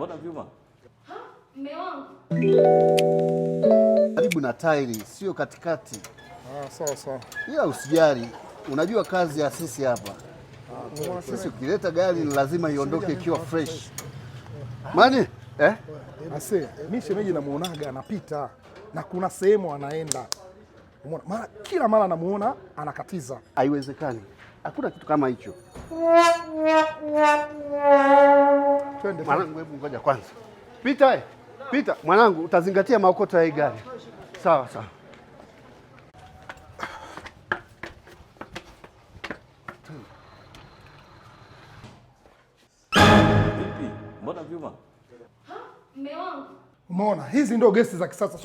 Mbona vyuma? Ha? wangu. Karibu na tairi, sio katikati. Ah, sawa sawa. Ila usijali, unajua kazi ya sisi hapa. Ah, sisi ukileta gari lazima iondoke ikiwa fresh. Mani? Eh? Ase, mimi shemeji namuonaga anapita na kuna sehemu anaenda. Umeona? Mara kila mara namuona anakatiza. Haiwezekani. Hakuna kitu kama hicho. Twende mwanangu, hebu ngoja kwanza. Pita eh, pita mwanangu, utazingatia maokoto ya hii gari. Sawa sawa. Vipi? Mbona vyuma? Umeona? Hizi ndio gesi za kisasa.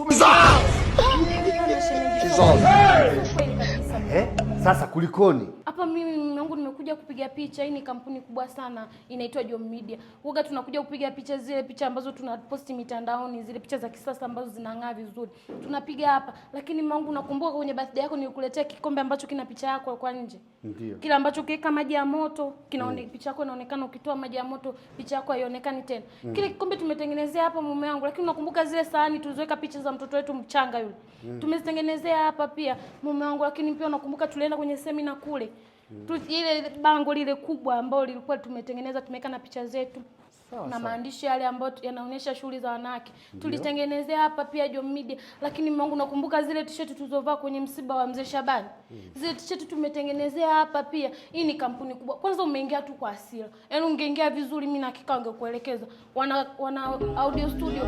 Sasa kulikoni? kwamba mimi mume wangu nimekuja kupiga picha. Hii ni kampuni kubwa sana inaitwa Jom Media. Huga tunakuja kupiga picha, zile picha ambazo tunaposti mitandaoni, zile picha za kisasa ambazo zinang'aa vizuri tunapiga hapa. Lakini mume wangu, nakumbuka kwenye birthday yako nilikuletea kikombe ambacho kina picha yako kwa nje, ndio Kila ambacho kiweka maji ya moto kinaone, mm. picha yako inaonekana, ukitoa maji ya moto picha yako haionekani tena. mm. Kile kikombe tumetengenezea hapa mume wangu, lakini unakumbuka zile sahani tulizoweka picha za mtoto wetu mchanga yule, mm. tumezitengenezea hapa pia mume wangu, lakini pia unakumbuka tulienda kwenye semina kule Mm. tu, ile bango lile kubwa ambalo lilikuwa tumetengeneza tumeweka na picha zetu Sawa, na maandishi yale ambayo yanaonyesha shughuli za wanawake tulitengenezea hapa pia Jom Media. Lakini Mungu, nakumbuka zile t-shirt tulizovaa kwenye msiba wa mzee Shabani mm. Zile t-shirt tumetengenezea hapa pia. Hii ni kampuni kubwa. Kwanza umeingia tu kwa hasira, yaani ungeingia vizuri, mimi na hakika wangekuelekeza. Wana, wana audio studio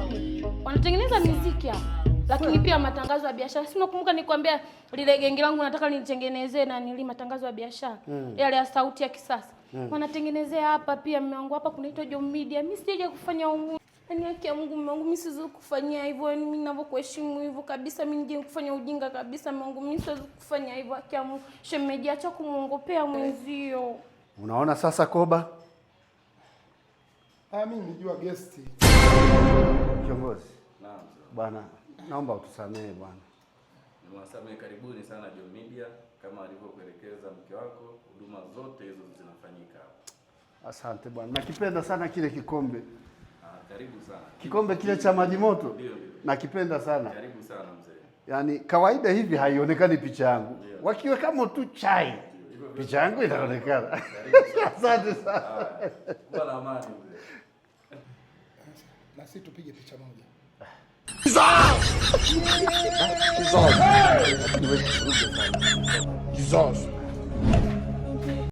wanatengeneza muziki hapa lakini pia matangazo ya biashara. Si nakumbuka nikwambia lile genge langu nataka nilitengenezee na nili matangazo ya biashara mm. yale ya sauti ya kisasa mm. wanatengenezea hapa pia, mume wangu hapa kunaitwa Jom Media. Mimi sije kufanya umu ani haki ya Mungu mume wangu mimi siwezi kufanyia hivyo. Yaani mimi ninavyokuheshimu hivyo kabisa mimi nije kufanya ujinga kabisa mume wangu mimi siwezi kufanya hivyo. Haki ya Mungu. Shemeji acha kumuongopea mwenzio. Unaona sasa Koba? Ah, mimi nijua guest. Kiongozi. Naam. Bwana naomba utusamehe Bwana. Nimewasamehe. Karibuni sana John Media, kama alivyokuelekeza mke wako, huduma zote hizo zinafanyika hapa. Asante Bwana, nakipenda sana kile kikombe. Ah, karibu sana kikombe kile cha maji moto, nakipenda sana. Karibu sana mzee. Yaani kawaida hivi haionekani picha yangu, wakiwe kama tu chai picha yangu inaonekana. Asante sana. Bwana ah, amani mzee. Na sisi tupige picha moja. Güzel Güzel